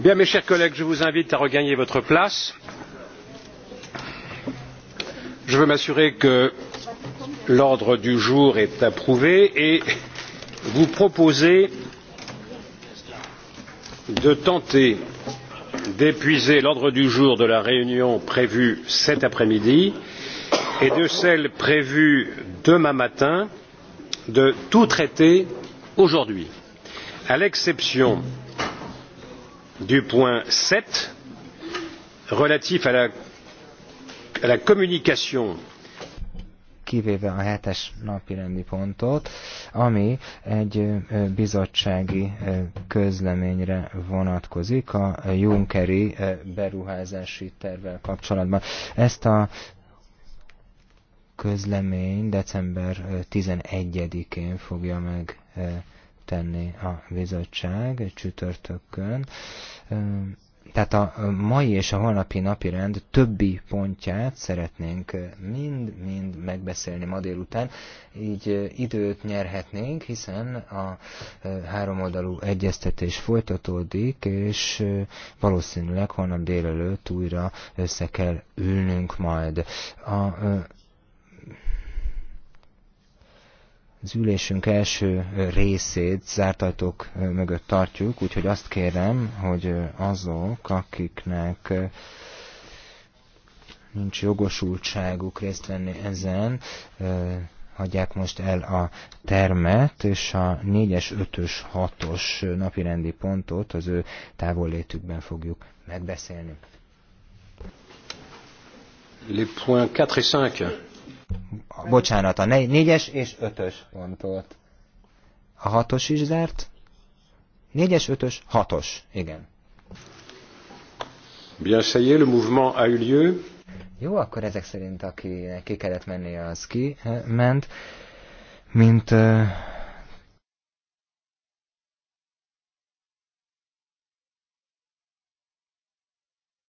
Bien, mes chers collègues, je vous invite à regagner votre place. Je veux m'assurer que l'ordre du jour est approuvé et vous proposer de tenter d'épuiser l'ordre du jour de la réunion prévue cet après midi et de celle prévue demain matin de tout traiter aujourd'hui à l'exception du point sept relatif à la, communication kivéve a hetes napi rendi pontot, ami egy bizottsági közleményre vonatkozik a Junckeri beruházási tervvel kapcsolatban. Ezt a közlemény december 11-én fogja meg tenni a bizottság csütörtökön. Tehát a mai és a holnapi napi rend többi pontját szeretnénk mind-mind megbeszélni ma délután, így időt nyerhetnénk, hiszen a háromoldalú egyeztetés folytatódik, és valószínűleg holnap délelőtt újra össze kell ülnünk majd. A az ülésünk első részét zárt ajtók mögött tartjuk, úgyhogy azt kérem, hogy azok, akiknek nincs jogosultságuk részt venni ezen, hagyják most el a termet, és a 4-es, 5-ös, 6-os napirendi pontot az ő távollétükben fogjuk megbeszélni. Les points 4 et 5 bocsánat, a négyes és ötös pontot. A hatos is zárt. Négyes, ötös, hatos. Igen. Bien, ça y est, le mouvement a eu lieu. Jó, akkor ezek szerint, aki ki kellett menni, az ki eh, ment. Mint eh,